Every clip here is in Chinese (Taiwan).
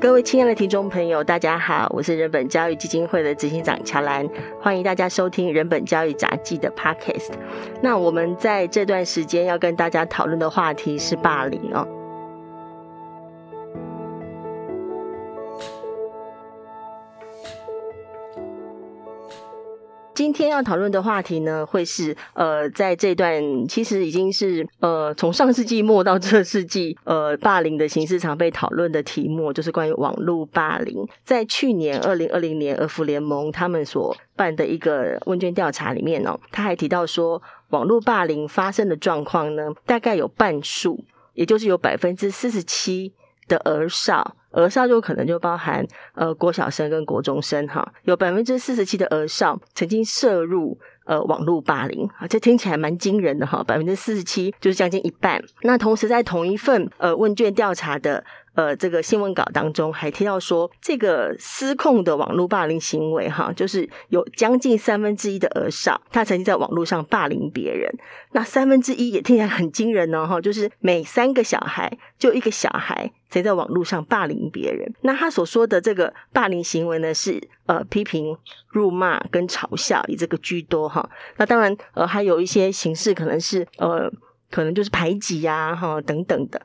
各位親愛的聽眾朋友，大家好，我是人本教育基金會的執行長喬蘭，歡迎大家收聽人本教育札記的 Podcast。那我們在這段時間要跟大家討論的話題是霸凌哦。今天要討論的話題呢，會是呃，在這段其實已經是呃，從上世紀末到這世紀，呃，霸凌的形式常被討論的題目，就是關於網絡霸凌。在去年二零二零年，兒福聯盟他們所辦的一個問卷調查裡面哦，他還提到說，網絡霸凌發生的狀況呢，大概有半數，也就是有百分之四十七。的兒少，兒少就可能就包含呃國小生跟國中生哈、哦，有百分之四十七的兒少曾經涉入呃網絡霸凌啊，這聽起來蠻驚人的哈，百分之四十七就是將近一半。那同時在同一份呃問卷調查的。呃，這個新聞稿當中還提到說，這個失控的網絡霸凌行為，哈，就是有將近三分之一的兒少，他曾經在網絡上霸凌別人。那三分之一也聽起來很驚人呢、哦，哈，就是每三個小孩就一個小孩誰在網絡上霸凌別人。那他所說的這個霸凌行為呢，是呃批評、辱罵跟嘲笑，以這個居多哈。那當然，呃，還有一些形式可能是呃，可能就是排擠呀、啊，哈，等等的。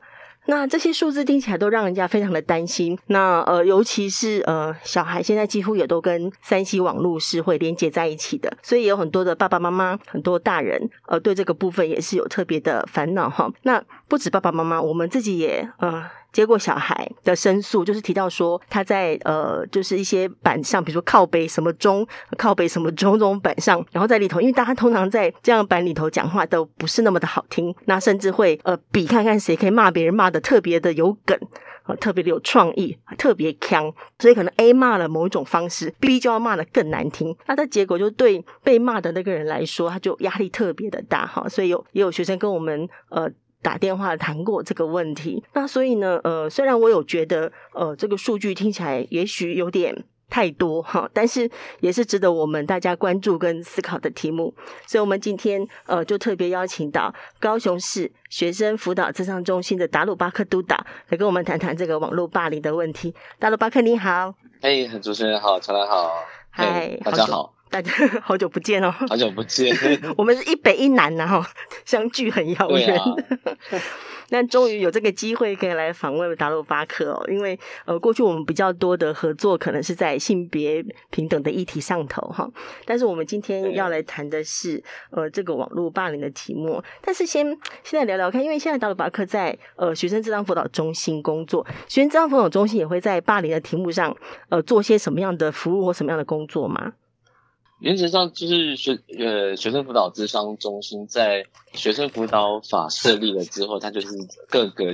那這些數字聽起來都讓人家非常的擔心。那呃，尤其是呃，小孩現在幾乎也都跟三 C 網絡是會連接在一起的，所以有很多的爸爸媽媽、很多大人，呃，對這個部分也是有特別的煩惱哈。那不止爸爸媽媽，我們自己也呃。結果小孩的申訴，就是提到說他在呃，就是一些板上，比如說靠北什麼中靠北什麼中這種板上，然後在裡頭，因為大家通常在這樣板裡頭講話都不是那麼的好聽，那甚至會呃比看看誰可以罵別人罵的特別的有梗，呃、特別的有創意，特別強，所以可能 A 罵了某一種方式，B 就要罵的更難聽，那這結果就對被罵的那個人來說，他就壓力特別的大哈，所以有也有學生跟我們呃。打電話談過這個問題，那所以呢，呃，雖然我有覺得，呃，這個數據聽起來也許有點太多哈，但是也是值得我們大家關注跟思考的題目。所以，我們今天呃，就特別邀請到高雄市學生輔導諮商中心的達努巴克督導來跟我們談談這個網絡霸凌的問題。達努巴克，你好。誒、hey, 主持人好，常來好。嗨、hey,，大家好。好大家好久不見哦！好久不見， 我們是一北一南呢、啊，相距很遙遠。那、啊、終於有這個機會可以來訪問達努巴克哦，因為呃，過去我們比較多的合作可能是在性別平等的議題上頭哈。但是我們今天要來談的是呃這個網絡霸凌的題目。但是先現在聊聊看，因為現在達努巴克在呃學生諮商輔導中心工作，學生諮商輔導中心也會在霸凌的題目上呃做些什麼樣的服務或什麼樣的工作嗎？原則上就是學呃學生輔導諮商中心在學生輔導法設立了之後，它就是各個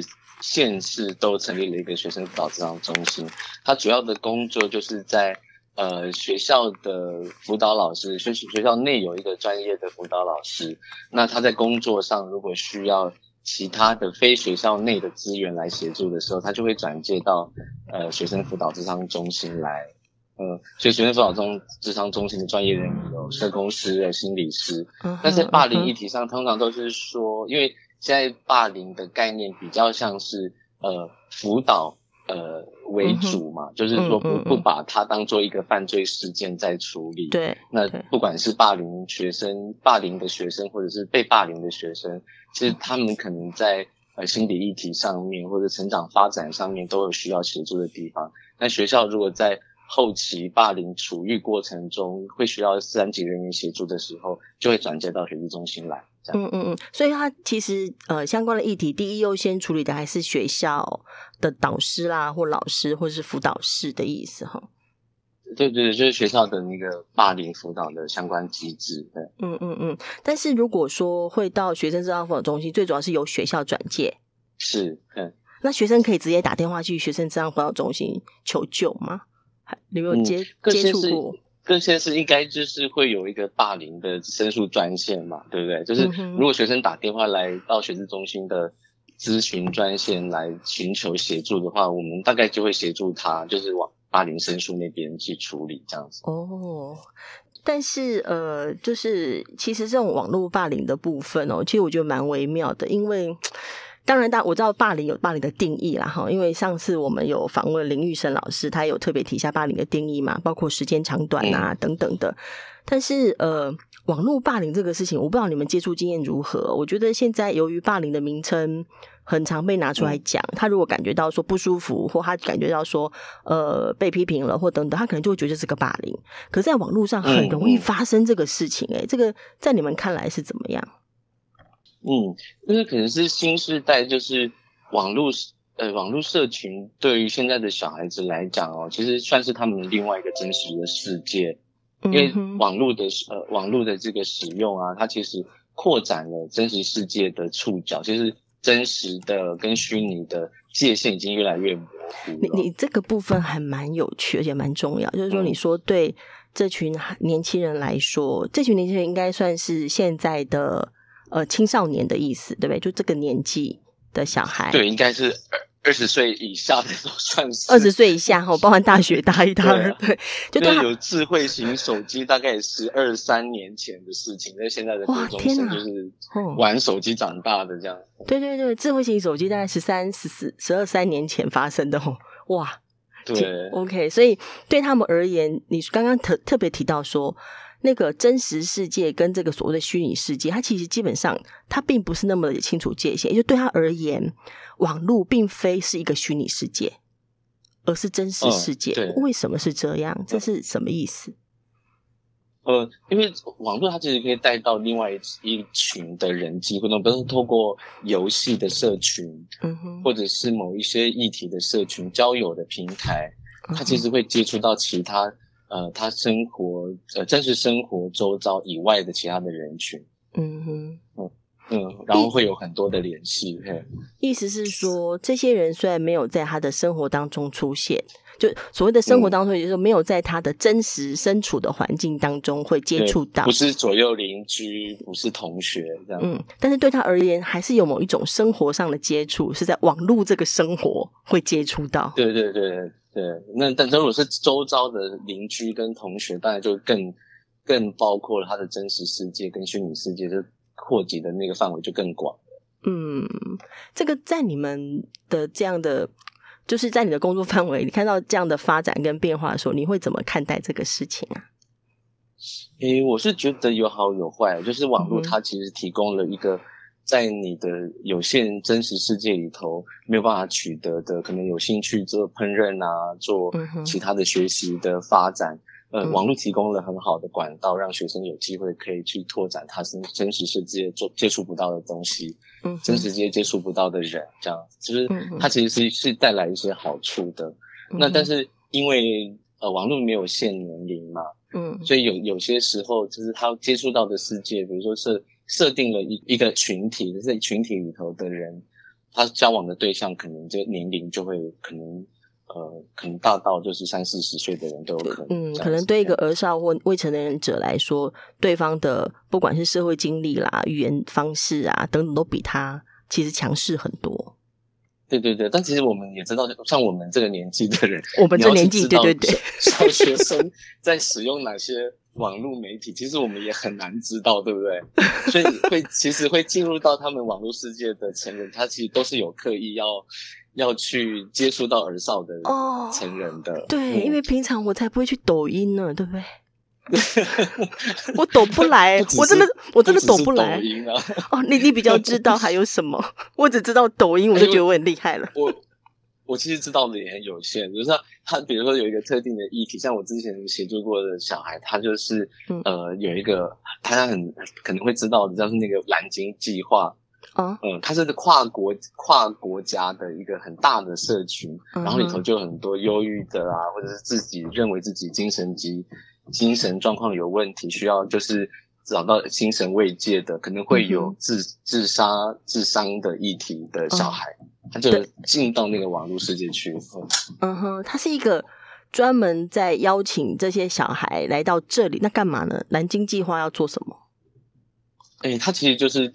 縣市都成立了一個學生輔導諮商中心。它主要的工作就是在呃學校的輔導老師，學學校內有一個專業的輔導老師。那他在工作上如果需要其他的非學校內的資源來協助的時候，他就會轉介到呃學生輔導諮商中心來。嗯，所以學生輔導中，諮商中心的專業人員有社工師、有心理師。嗯。但是霸凌議題上，通常都是說，因為現在霸凌的概念比較像是呃輔導呃為主嘛、嗯，就是說不、嗯、不把它當做一個犯罪事件在處理。對。那不管是霸凌學生、霸凌的學生，或者是被霸凌的學生，其實他們可能在呃心理議題上面，或者成長發展上面都有需要協助的地方。那學校如果在後期霸凌處遇過程中會需要三級人員協助的時候，就會轉接到學習中心來。嗯嗯嗯，所以它其實呃相關的議題，第一優先處理的還是學校的導師啦，或老師或是輔導室的意思哈。對對對，就是學校的那個霸凌輔導的相關機制。嗯嗯嗯。但是如果說會到學生諮商輔導中心，最主要是由學校轉介。是，嗯。那學生可以直接打電話去學生諮商輔導中心求救嗎？你有沒有接、嗯、各接觸過，更先是，是應該就是會有一個霸凌的申訴專線嘛，對不對？就是如果學生打電話來到學生中心的諮詢專線來尋求協助的話，我們大概就會協助他，就是往霸凌申訴那邊去處理這樣子。哦，但是呃，就是其實這種網絡霸凌的部分哦，其實我覺得蠻微妙的，因為。當然，大我知道霸凌有霸凌的定義啦哈，因為上次我們有訪問林玉生老師，他也有特別提一下霸凌的定義嘛，包括時間長短啊等等的。但是呃，網絡霸凌這個事情，我不知道你們接觸經驗如何。我覺得現在由於霸凌的名稱很常被拿出來講，他如果感覺到說不舒服，或他感覺到說呃被批評了，或等等，他可能就會覺得是個霸凌。可是在網絡上很容易發生這個事情，欸、哎、嗯嗯，這個在你們看來是怎麼樣？嗯，就是可能是新世代，就是網絡呃網絡社群對於現在的小孩子來講哦，其實算是他們另外一個真實的世界，因為網絡的呃網絡的這個使用啊，它其實擴展了真實世界的觸角，就是真實的跟虛擬的界限已經越來越模糊。你你這個部分還蠻有趣，而且蠻重要，就是說你說對這群年輕人來說，嗯、這群年輕人應該算是現在的。呃，青少年的意思，對不對？就這個年紀的小孩，對，應該是二二十歲以下的都算是二十歲以下，我包含大學 大一、大二，對，啊對，就都有智慧型手機，大概十二三年前的事情，那 現在的哇，天哪，就是玩手機長大的這樣，嗯。對對對，智慧型手機大概十三、十四、十二三年前發生的哦，哇，對，OK，所以對他們而言，你剛剛特特別提到說。那個真實世界跟這個所謂的虛擬世界，它其實基本上它並不是那麼的清楚界限，也就對他而言，網絡並非是一個虛擬世界，而是真實世界，哦。為什麼是這樣？這是什麼意思？呃，因為網絡它其實可以帶到另外一群的人際互動，不是透過遊戲的社群、嗯，或者是某一些議題的社群交友的平台，它其實會接觸到其他。呃，他生活呃，真實生活周遭以外的其他的人群，嗯哼，嗯嗯，然後會有很多的聯繫。嘿。意思是說，這些人雖然沒有在他的生活當中出現，就所謂的生活當中，嗯、也就是說，沒有在他的真實身處的環境當中會接觸到，不是左右鄰居，不是同學這樣。嗯，但是對他而言，還是有某一種生活上的接觸，是在網絡這個生活會接觸到。對對對，對。對，那但如果是周遭的鄰居跟同學，當然就更更包括了他的真實世界跟虛擬世界，就擴及的那個範圍就更廣了。嗯，這個在你們的這樣的，就是在你的工作範圍，你看到這樣的發展跟變化的時候，你會怎麼看待這個事情啊？誒、欸，我是覺得有好有壞，就是網絡它其實提供了一個、嗯。在你的有限真實世界裡頭，沒有辦法取得的，可能有興趣做烹飪啊，做其他的學習的發展，嗯、呃，網絡提供了很好的管道，嗯、讓學生有機會可以去拓展他是真實世界做接觸不到的東西，嗯、真實世界接觸不到的人，這樣，其、就、實、是、它其實是，、嗯、是帶來一些好處的。嗯、那但是因為呃網絡沒有限年齡嘛，嗯，所以有有些時候就是他接觸到的世界，比如說是。設定了一一個群體，這群體裡頭的人，他交往的對象可能這個年齡就會可能，呃，可能大到就是三四十歲的人都有可能。嗯，可能對一個兒少或未成年人者來說，對方的不管是社會經歷啦、語言方式啊等等，都比他其實強勢很多。對對對，但其實我們也知道，像我們這個年紀的人，我們這個年紀，對對對，對，小 學生在使用哪些？網絡媒體其實我們也很難知道，對不對？所以會其實會進入到他們網絡世界的成人，他其實都是有刻意要要去接觸到兒少的哦，成人的、哦、對、嗯，因為平常我才不會去抖音呢，對不對？ 我抖不來， 不只是我真的我真的抖不來。不只是抖音啊， 哦，你你比較知道還有什麼？ 我只知道抖音，我就覺得我很厲害了。哎、我。我其實知道的也很有限，就是他，比如說有一個特定的議題，像我之前協助過的小孩，他就是呃有一個，他很可能會知道，的，叫做那個藍鯨計劃啊，嗯，它是跨國跨國家的一個很大的社群，然後裡頭就很多憂鬱的啊，嗯嗯或者是自己認為自己精神疾精神狀況有問題，需要就是。找到精神慰藉的，可能會有自自殺、嗯、自傷的議題的小孩，哦、他就進到那個網絡世界去。嗯哼、嗯，他是一個專門在邀請這些小孩來到這裡，那幹嘛呢？藍鯨計劃要做什麼？哎、欸，他其實就是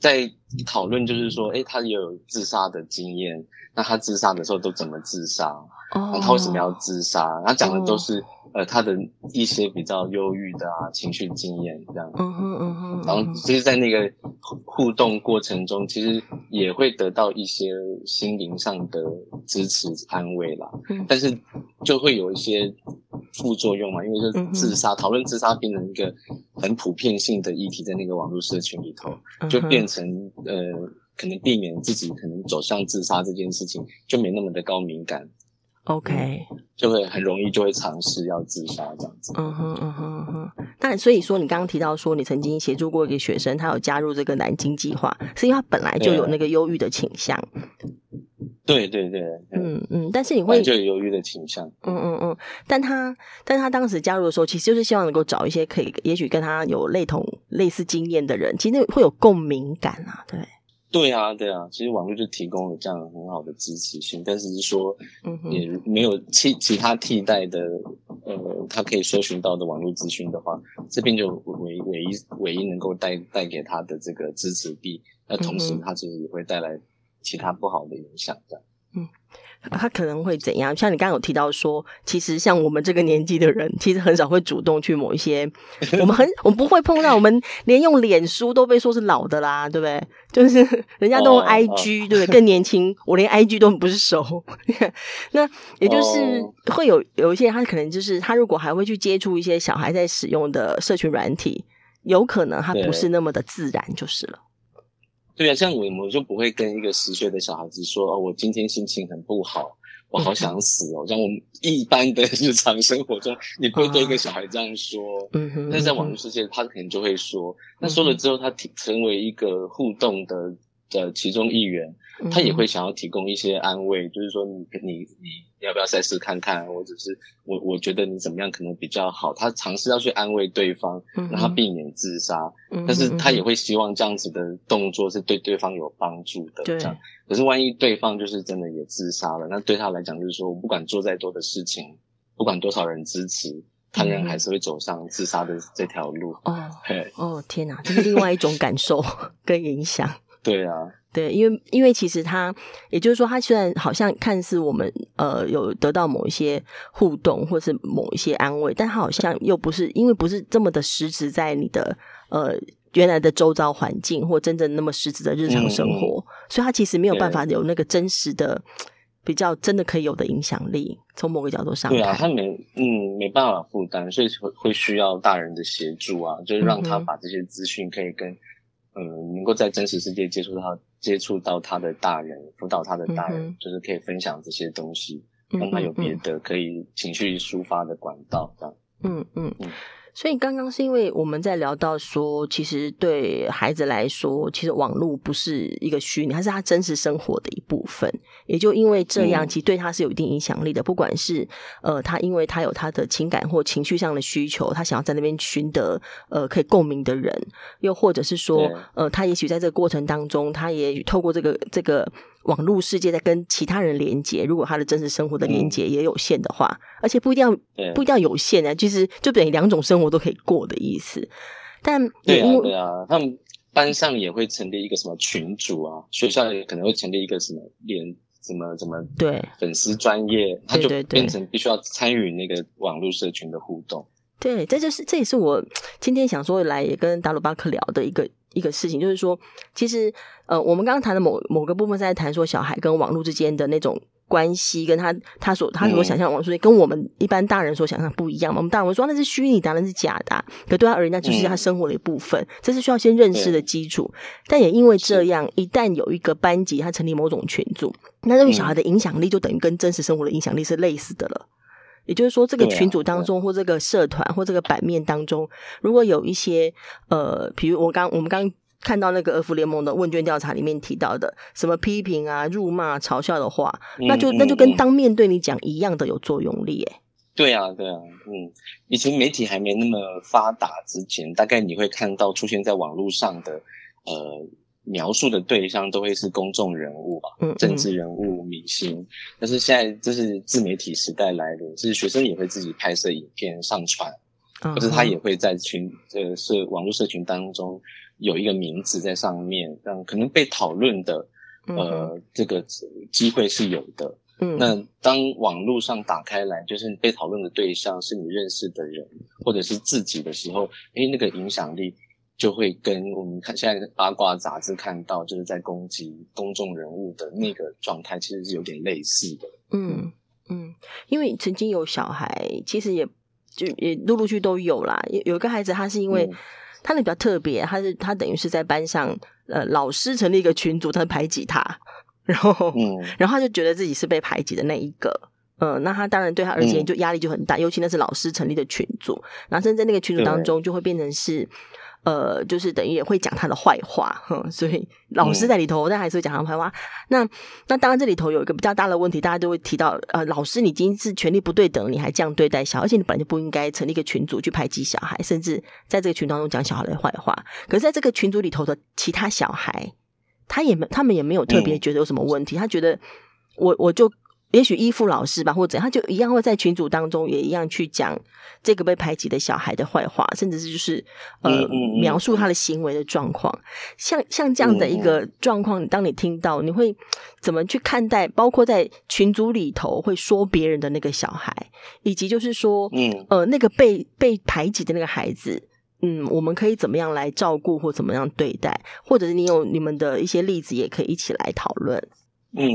在。討論就是說，誒他有自殺的經驗，那他自殺的時候都怎麼自殺？啊、他為什麼要自殺？他講的都是、嗯、呃他的一些比較憂鬱的啊情緒經驗這樣。嗯嗯嗯嗯。然後其實，就是、在那個互動過程中、嗯，其實也會得到一些心靈上的支持安慰啦、嗯。但是就會有一些副作用嘛，因為就是自殺、嗯、討論自殺變成一個很普遍性的議題，在那個網絡社群裡頭、嗯、就變成。呃，可能避免自己可能走向自殺這件事情就沒那麼的高敏感，OK，就會很容易就會嘗試要自殺這樣子。嗯哼嗯哼哼。但所以說，你剛剛提到說，你曾經協助過一個學生，他有加入這個藍鯨計劃，是因為他本來就有那個憂鬱的傾向？對對對，嗯嗯，但是你會就有猶豫的傾向，嗯嗯嗯，但他但他當時加入的時候，其實就是希望能夠找一些可以，也許跟他有類同類似經驗的人，其實會有共鳴感啊，對，對啊對啊，其實網絡就提供了這樣很好的支持性，但是是說嗯也沒有其、嗯、其他替代的呃，他可以搜尋到的網絡資訊的話，這邊就唯唯一唯一能夠帶帶給他的這個支持力，那同時他其實也會帶來。嗯其他不好的影響的，嗯，他可能會怎樣？像你剛剛有提到說，其實像我們這個年紀的人，其實很少會主動去某一些，我們很，我們不會碰到， 我們連用臉書都被說是老的啦，對不對？就是人家都用 IG，對不對？更年輕。Uh. 我連 IG 都不是熟， 那也就是會有有一些他可能就是他如果還會去接觸一些小孩在使用的社群軟體，有可能他不是那麼的自然，就是了。對啊，像我我就不會跟一個十歲的小孩子說哦，我今天心情很不好，我好想死哦。Okay. 像我們一般的日常生活中，你不會對一個小孩這樣說。嗯哼，但是在網絡世界他，uh -huh. 世界他可能就會說。那說了之後，他成為一個互動的。的其中一員，他也會想要提供一些安慰，嗯嗯，就是說你你你，你要不要再試看看，或者是我我覺得你怎麼樣可能比較好。他嘗試要去安慰對方，嗯嗯，讓他避免自殺，嗯嗯，但是他也會希望這樣子的動作是對對方有幫助的。這樣，可是萬一對方就是真的也自殺了，那對他來講就是說，我不管做再多的事情，不管多少人支持，他仍然還是會走上自殺的這條路。嗯嗯，哦哦，天哪，啊，這是另外一種感受 跟影響。對啊，對，因為因為其實他，也就是說，他雖然好像看似我們呃有得到某一些互動，或是某一些安慰，但他好像又不是因為不是這麼的實質在你的呃原來的周遭環境，或真正那麼實質的日常生活，嗯，所以他其實沒有辦法有那個真實的比較真的可以有的影響力。從某個角度上，對啊，他沒嗯沒辦法負擔，所以會會需要大人的協助啊，就是讓他把這些資訊可以跟。嗯嗯，能夠在真實世界接觸到接觸到他的大人，輔導他的大人，嗯，就是可以分享這些東西，讓他有別的可以情緒抒發的管道，嗯嗯嗯，這樣。嗯嗯。嗯所以剛剛是因為我們在聊到說，其實對孩子來說，其實網絡不是一個虛擬，它是他真實生活的一部分。也就因為這樣，嗯、其實對他是有一定影響力的。不管是呃，他因為他有他的情感或情緒上的需求，他想要在那邊尋得呃可以共鳴的人，又或者是說呃，他也許在這個過程當中，他也透過這個這個。網絡世界在跟其他人連接，如果他的真實生活的連接也有限的話，嗯，而且不一定要，不一定要有限啊，就是，就等於兩種生活都可以過的意思。但，也對啊對啊，他們班上也會成立一個什麼群組啊，學校也可能會成立一個什麼連什麼什麼粉，對，粉絲專頁，他就變成必須要參與那個網絡社群的互動。對，對，對，對，這就是，這也是我今天想說，來也跟達努巴克聊的一個，一個事情就是說，其實呃，我們剛剛談的某某個部分在談說，小孩跟網絡之間的那種關係，跟他他所他所他想象網絡，嗯，跟我們一般大人所想象不一樣嘛。我們大人說，啊，那是虛擬的，啊，那是假的，啊，可對他而言，那就是他生活的一部分。嗯，這是需要先認識的基礎。嗯，但也因為這樣，一旦有一個班級他成立某種群組，那這個小孩的影響力就等於跟真實生活的影響力是類似的了。也就是說，這個群組當中，或這個社團，或這個版面當中，如果有一些呃，比如我剛我們剛看到那個兒福聯盟的問卷調查裡面提到的什麼批評啊、辱罵、啊、嘲笑的話，那就那就跟當面對你講一樣的有作用力。欸。哎、嗯嗯嗯，對啊對啊嗯，以前媒體還沒那麼發達之前，大概你會看到出現在網絡上的呃。描述的對象都會是公眾人物啊、嗯，政治人物、嗯、明星。但是現在這是自媒體時代來臨，就是學生也會自己拍攝影片上傳，啊、或者他也會在群，呃、這個，是網絡社群當中有一個名字在上面，這樣可能被討論的，呃，嗯、這個機會是有的、嗯。那當網絡上打開來，就是被討論的對象是你認識的人，或者是自己的時候，哎，那個影響力。就會跟我們看現在八卦雜誌看到，就是在攻擊公眾人物的那個狀態，其實是有點類似的嗯。嗯嗯，因為曾經有小孩，其實也就也陸陸續都有啦。有有一個孩子，他是因為、嗯、他那比較特別，他是他等於是在班上，呃，老師成立一個群組，他排擠他，然後、嗯，然後他就覺得自己是被排擠的那一個。嗯、呃，那他當然對他而言就壓力就很大、嗯，尤其那是老師成立的群組，然後甚至在那個群組當中就會變成是。嗯呃，就是等於也會講他的壞話，哼，所以老師在裡頭，嗯、但還是會講他壞話。那那當然，這裡頭有一個比較大的問題，大家都會提到，呃，老師你已經是權力不對等，你還這樣對待小孩，而且你本來就不應該成立一個群組去排擠小孩，甚至在這個群當中講小孩的壞話。可是，在這個群組裡頭的其他小孩，他也沒，他們也沒有特別覺得有什麼問題，嗯、他覺得我我就。也許依附老師吧，或者怎樣，他就一樣會在群組當中也一樣去講這個被排擠的小孩的壞話，甚至是就是呃、嗯嗯嗯、描述他的行為的狀況。像像這樣的一個狀況，當你聽到、嗯，你會怎麼去看待？包括在群組裡頭會說別人的那個小孩，以及就是說，嗯呃那個被被排擠的那個孩子，嗯，我們可以怎麼樣來照顧或怎麼樣對待？或者是你有你們的一些例子，也可以一起來討論。嗯。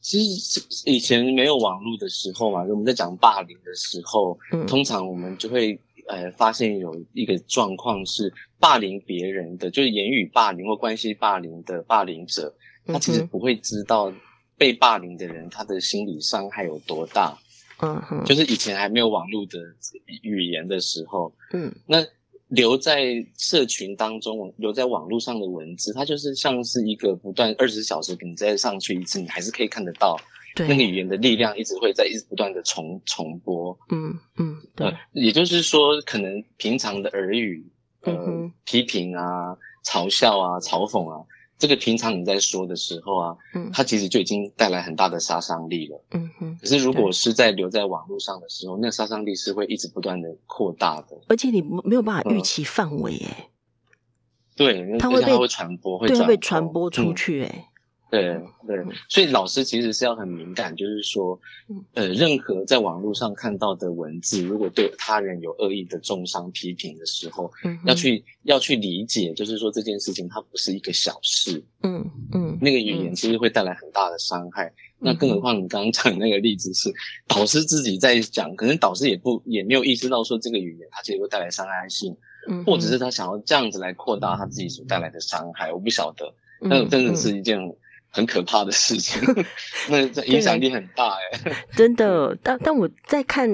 其實以前沒有網絡的時候嘛、啊，我們在講霸凌的時候，嗯、通常我們就會呃發現有一個狀況是霸凌別人的，就是言語霸凌或關係霸凌的霸凌者，他其實不會知道被霸凌的人他的心理傷害有多大。嗯，就是以前還沒有網絡的語言的時候，嗯，那。留在社群當中，留在網絡上的文字，它就是像是一個不斷二十四小時，你再上去一次，你還是可以看得到。對，那個、語言的力量一直會在，一直不斷的重重播。嗯嗯，對、呃，也就是說，可能平常的耳語，呃，嗯、批評啊，嘲笑啊，嘲諷啊。這個平常你在說的時候啊，嗯，它其實就已經帶來很大的殺傷力了，嗯哼。可是如果是在留在網絡上的時候，那殺傷力是會一直不斷的擴大的，而且你沒有辦法預期範圍耶，哎、嗯，對，它會被，它會傳播，會傳播對，會被傳播出去耶，哎、嗯。對對，所以老師其實是要很敏感，就是說，呃，任何在網絡上看到的文字，如果對他人有惡意的中傷批評的時候，嗯嗯、要去要去理解，就是說，這件事情它不是一個小事，嗯嗯，那個語言其實會帶來很大的傷害。嗯、那更何況你剛剛講的那個例子是導師自己在講，可能導師也不也沒有意識到說，這個語言它其實會帶來傷害，害性，或者是他想要這樣子來擴大他自己所帶來的傷害，我不曉得，那真的是一件很可怕的事情， 那影響力很大哎、 啊，真的。但但我在看，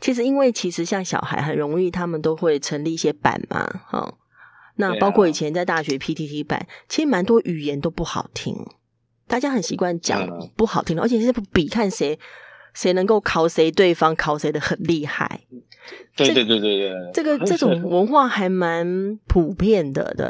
其實因為其實像小孩很容易，他們都會成立一些版嘛，哈、哦。那包括以前在大學 PTT 版、啊，其實蠻多語言都不好聽，大家很習慣講不好聽的、啊，而且是比看誰誰能夠考誰，對方考誰的很厲害。對對對對對，這、這個這種文化還蠻普遍的，對。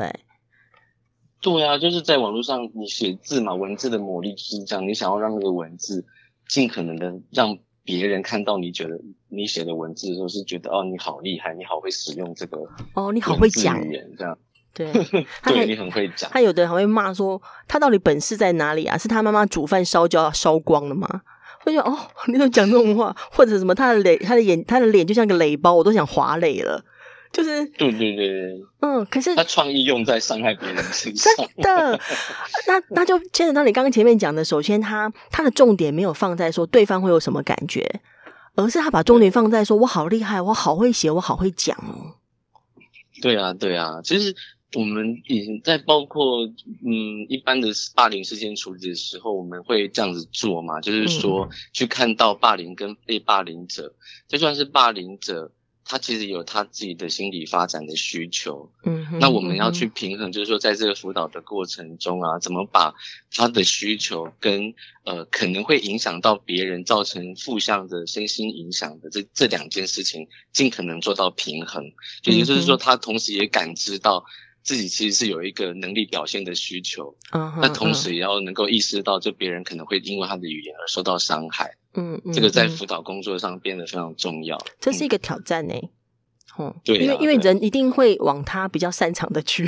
對啊，就是在網絡上你寫字嘛，文字的魔力就是這樣。你想要讓那個文字盡可能的讓別人看到，你覺得你寫的文字就是覺得哦，你好厲害，你好會使用這個語言這樣。哦，你好會講這樣。對，對，你很會講。他有的人還會罵說他到底本事在哪裡啊？是他媽媽煮飯燒焦燒光了嗎？我就哦，你怎麼講這種話？ 或者什麼他的臉，他的眼他的臉就像個雷包，我都想劃雷了。就是對對對，對嗯，可是他創意用在傷害別人身上。 的那那就牽扯到你剛剛前面講的，首先他他的重點沒有放在說對方會有什麼感覺，而是他把重點放在說我好厲害，我好會寫，我好會講哦。對啊，對啊，其實我們已經在包括嗯一般的霸凌事件處理的時候，我們會這樣子做嘛，就是說去看到霸凌跟被霸凌者，就、嗯、算是霸凌者。他其實有他自己的心理發展的需求，嗯哼嗯哼，那我們要去平衡，就是說在這個輔導的過程中啊，怎麼把他的需求跟呃，可能會影響到別人造成負向的身心影響的這這兩件事情，盡可能做到平衡，就、嗯、也就是說，他同時也感知到自己其實是有一個能力表現的需求，嗯嗯那同時也要能夠意識到，就別人可能會因為他的語言而受到傷害。嗯，嗯，嗯，這個在輔導工作上變得非常重要。這是一個挑戰呢、欸，吼、嗯嗯，對，因為因為人一定會往他比較擅長的去，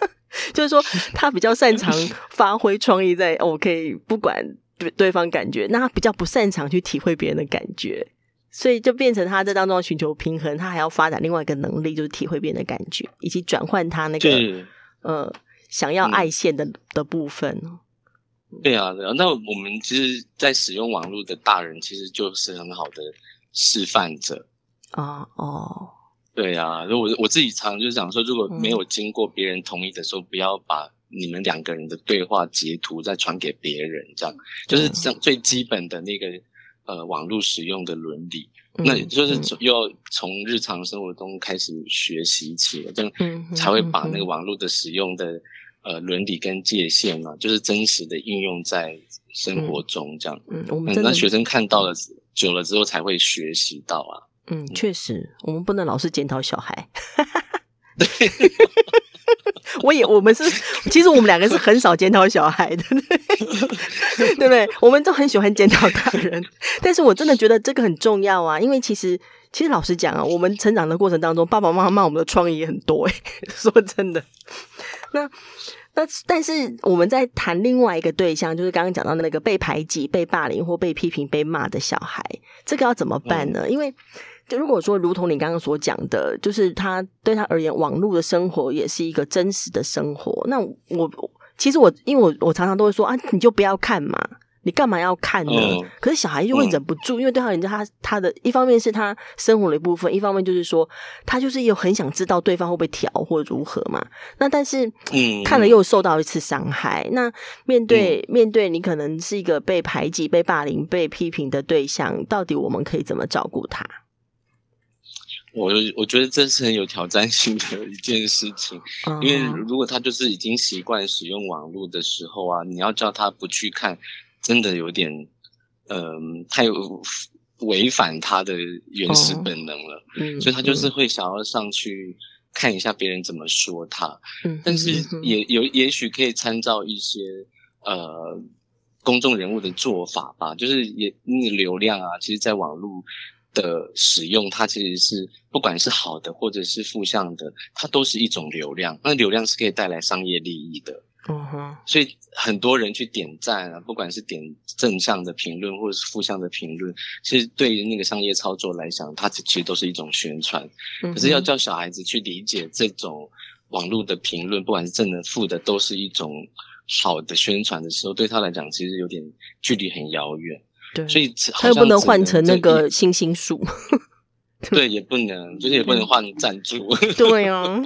就是說他比較擅長發揮創意在，在 我可以不管對對方感覺，那他比較不擅長去體會別人的感覺，所以就變成他這當中尋求平衡，他還要發展另外一個能力，就是體會別人的感覺，以及轉換他那個嗯、就是呃、想要愛現的、嗯、的部分。對啊，對啊，那我們其實，在使用網絡的大人，其實就是很好的示範者啊。哦，對啊，我我自己常，常就是講說，如果沒有經過別人同意的時候、嗯，不要把你們兩個人的對話截圖再傳給別人，這樣、嗯、就是最最基本的那個呃網絡使用的倫理。嗯嗯、那就是又要從日常生活中開始學習起來，這樣才會把那個網絡的使用的。呃，倫理跟界限嘛、啊，就是真實的應用在生活中這樣，嗯，那、嗯嗯、學生看到了久了之後才會學習到啊。嗯，確實，嗯、我們不能老是檢討小孩。 對 我也，我們是，其實我們兩個是很少檢討小孩的，對不 對？我們都很喜歡檢討大人，但是我真的覺得這個很重要啊，因為其實，其實老實講啊，我們成長的過程當中，爸爸媽媽罵我們的創意也很多哎、欸，說真的。那那但是我們在談另外一個對象，就是剛剛講到那個被排擠、被霸凌或被批評、被罵的小孩，這個要怎麼辦呢？因為就如果說，如同你剛剛所講的，就是他對他而言，網絡的生活也是一個真實的生活。那我其實我因為我我常常都會說啊，你就不要看嘛。你幹嘛要看呢、嗯？可是小孩就會忍不住，嗯、因為對他，你知道他，他的一方面是他生活的一部分，一方面就是說，他就是又很想知道對方會不會調或如何嘛。那但是看了又受到一次傷害。嗯、那面對、嗯、面對你，可能是一個被排擠、被霸凌、被批評的對象，到底我們可以怎麼照顧他？我我覺得這是很有挑戰性的一件事情、嗯，因為如果他就是已經習慣使用網絡的時候啊，你要叫他不去看。真的有點，嗯，呃，太違反他的原始本能了，哦，所以他就是會想要上去看一下別人怎麼說他。嗯，但是也有也許可以參照一些呃公眾人物的做法吧，就是也流量啊，其實在網絡的使用，它其實是不管是好的或者是負向的，它都是一種流量，那流量是可以帶來商業利益的。嗯哼，所以很多人去點讚啊，不管是點正向的評論或者是負向的評論，其實對於那個商業操作來講，它其實都是一種宣傳。嗯，可是要叫小孩子去理解這種網絡的評論，不管是正的負的，都是一種好的宣傳的時候，對他來講其實有點距離很遙遠。對，所以好像他又不能換成那個星星數， 對，也不能，就是也不能換贊助。 對啊。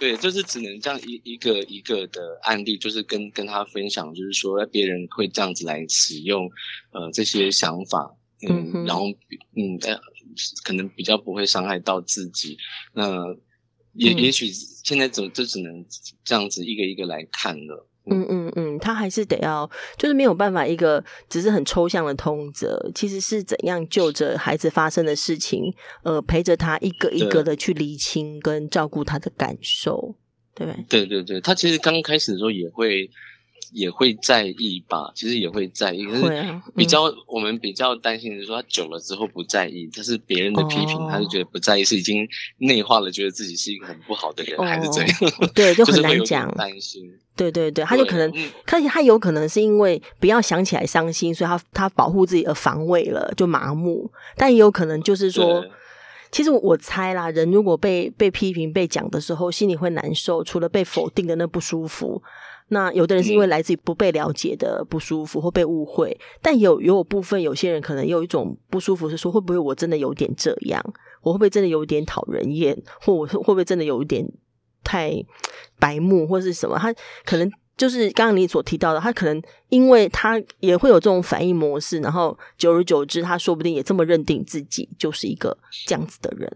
對，就是只能這樣一一個一個的案例，就是跟跟他分享，就是說別人會這樣子來使用，呃，這些想法，嗯，嗯然後嗯、呃，可能比較不會傷害到自己，那、呃、也也許現在就就只能這樣子一個一個來看了。嗯嗯嗯，他還是得要，就是沒有辦法一個只是很抽象的通則，其實是怎樣就着孩子發生的事情，呃，陪着他一個一個的去釐清跟照顧他的感受，對，對不對？對對對，他其實剛開始的時候也會。也會在意吧，其實也會在意，可是比較、啊嗯、我們比較擔心的是說，他久了之後不在意，但是別人的批評、哦，他就覺得不在意，是已經內化了，覺得自己是一個很不好的人，哦、還是怎樣？對，就很難講。 擔心，對對對，他就可能，可他有可能是因為不要想起來傷心，嗯、所以他他保護自己而防衛了，就麻木。但也有可能就是說，其實我猜啦，人如果被被批評、被講的時候，心裡會難受，除了被否定的那不舒服。那有的人是因為來自於不被了解的不舒服或被誤會，但有有部分有些人可能有一種不舒服是說，會不會我真的有點這樣，我會不會真的有點討人厭，或我會不會真的有一點太白目或是什麼？他可能就是剛剛你所提到的，他可能因為他也會有這種反應模式，然後久而久之，他說不定也這麼認定自己就是一個這樣子的人。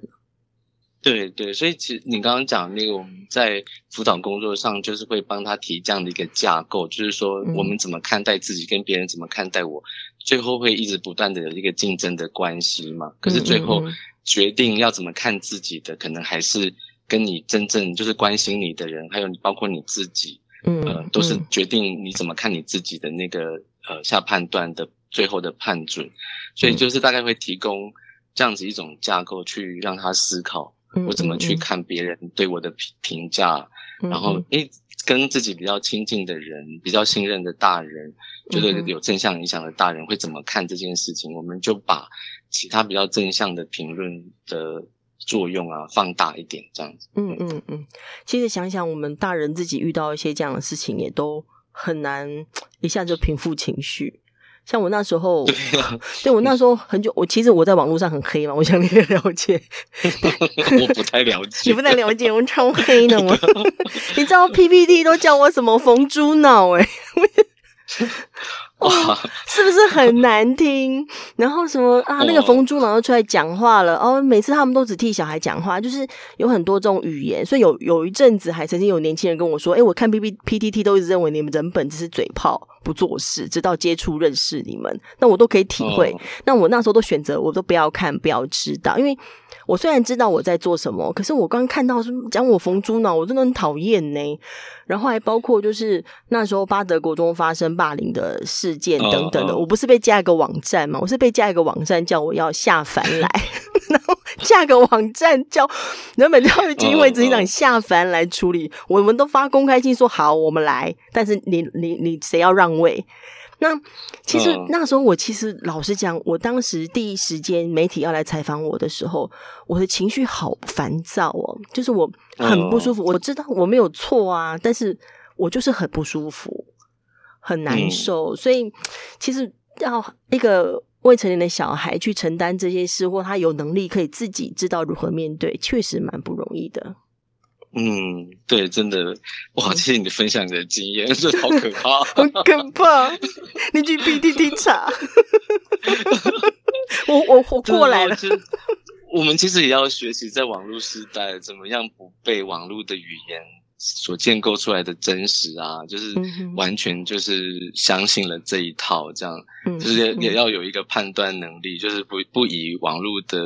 對對，所以其實你剛剛講的那個，我們在輔導工作上就是會幫他提這樣的一個架構，就是說我們怎麼看待自己，跟別人怎麼看待我，最後會一直不斷的有一個競爭的關係嘛。可是最後決定要怎麼看自己的，可能還是跟你真正就是關心你的人，還有你包括你自己，嗯，都是決定你怎麼看你自己的那個呃下判斷的最後的判準。所以就是大概會提供這樣子一種架構去讓他思考。我怎麼去看別人對我的評評價，嗯嗯嗯？然後，誒，跟自己比較親近的人、比較信任的大人，覺得有正向影響的大人會怎麼看這件事情嗯嗯？我們就把其他比較正向的評論的作用啊放大一點，這樣子。嗯嗯嗯，其實想想，我們大人自己遇到一些這樣的事情，也都很難一下就平復情緒。像我那時候對、啊，對，我那時候很久，我其實我在網絡上很黑嘛，我想你也了解，我不太了解， 你不太了解， 我超黑的嘛， 你知道 PPT 都叫我什麼“馮豬腦、欸”誒。 哇， 是不是很難聽？然後什麼啊？ 那個馮豬腦都出來講話了。哦，每次他們都只替小孩講話，就是有很多這種語言。所以有有一陣子還曾經有年輕人跟我說：“哎、欸，我看 PTT 都一直認為你們人本只是嘴炮，不做事，直到接觸認識你們，那我都可以體會。 那我那時候都選擇我都不要看，不要知道，因為我雖然知道我在做什麼，可是我剛看到是講我馮豬腦，我真的很討厭呢。然後還包括就是那時候八德國中發生霸凌的事。事件等等的，uh, uh, 我不是被加一個網站嗎？我是被加一個網站叫我要下凡來， 然後加個網站叫人本教育基金會執行長下凡來處理。Uh, uh, 我們都發公開信說好，我們來。但是你你你誰要讓位？那其實，uh, 那時候我其實老實講，我當時第一時間媒體要來採訪我的時候，我的情緒好煩躁哦，就是我很不舒服。Uh, 我知道我沒有錯啊，但是我就是很不舒服。很難受，嗯、所以其實要一個未成年的小孩去承擔這些事，或他有能力可以自己知道如何面對，確實蠻不容易的。嗯，對，真的，哇，謝謝你分享你的經驗，嗯、這好可怕，很 可怕。 你去 B T T 查， 我我我過來了。我們其實也要學習，在網絡時代怎麼樣不被網絡的語言所建構出來的真實啊，就是完全就是相信了這一套，這樣、嗯、就是也要有一個判斷能力，嗯、就是不不以網絡的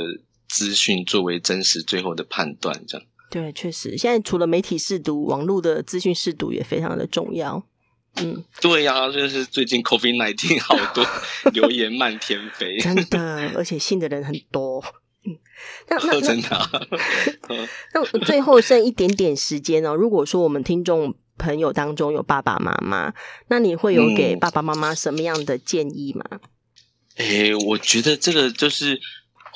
資訊作為真實最後的判斷，這樣。對，確實，現在除了媒體識讀，網絡的資訊識讀也非常的重要。嗯，對呀、啊，就是最近 COVID-19 好多謠 言漫天飛， 真的，而且信的人很多。那 那那，那，那，那，那最後剩一點點時間哦。如果說我們聽眾朋友當中有爸爸媽媽，那你會有給爸爸媽媽什麼樣的建議嗎？哎、嗯欸，我覺得這個就是。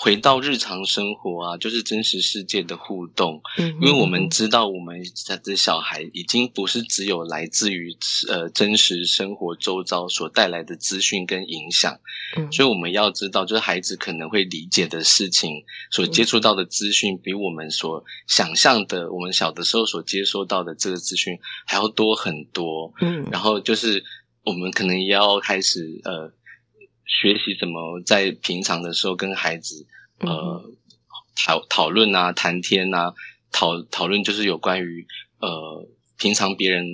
回到日常生活啊，就是真實世界的互動。嗯，因為我們知道，我們家的小孩已經不是只有來自於呃真實生活周遭所帶來的資訊跟影響。嗯，所以我們要知道，就是孩子可能會理解的事情，所接觸到的資訊，比我們所想象的，我們小的時候所接收到的這個資訊還要多很多。嗯，然後就是我們可能也要開始呃。學習怎麼在平常的時候跟孩子呃討討論啊、談天啊、討討論，就是有關於呃平常別人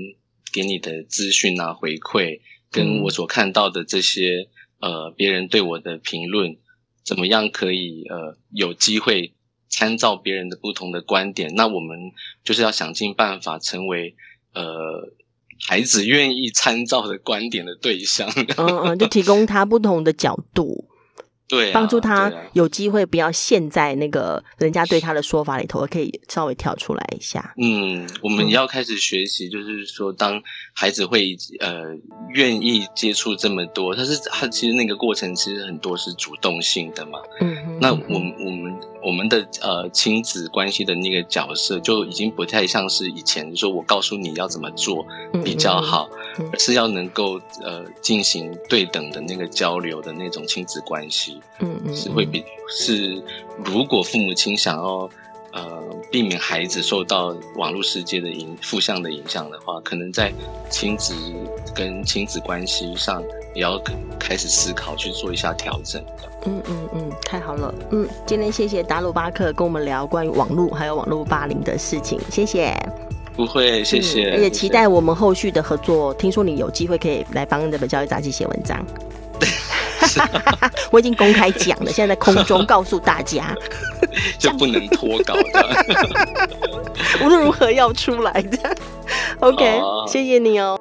給你的資訊啊、回饋，跟我所看到的這些呃別人對我的評論，怎麼樣可以呃有機會參照別人的不同的觀點？那我們就是要想盡辦法成為呃。孩子願意參照的觀點的對象嗯，嗯嗯，就提供他不同的角度， 對、啊，幫助他有機會不要陷在那個人家對他的說法裡頭，我可以稍微跳出來一下。嗯，我們要開始學習，就是說，當孩子會、嗯、呃願意接觸這麼多，他是他其實那個過程其實很多是主動性的嘛。嗯，那我們我們。我們的呃親子關係的那個角色就已經不太像是以前，說我告訴你要怎麼做比較好，嗯嗯嗯，而是要能夠呃進行對等的那個交流的那種親子關係，嗯嗯，是會比是如果父母親想要呃避免孩子受到網絡世界的影負向的影響的話，可能在親子跟親子關係上。也要開始思考去做一下調整，嗯嗯嗯，太好了。嗯，今天謝謝達努巴克跟我們聊關於網絡還有網絡霸凌的事情，謝謝。不會，謝謝。也、嗯、期待我們後續的合作。聽說你有機會可以來幫《人本教育札記》寫文章。對 我已經公開講了，現在在空中告訴大家， 就不能拖稿的。無 論 如何要出來的。OK，、啊、謝謝你哦。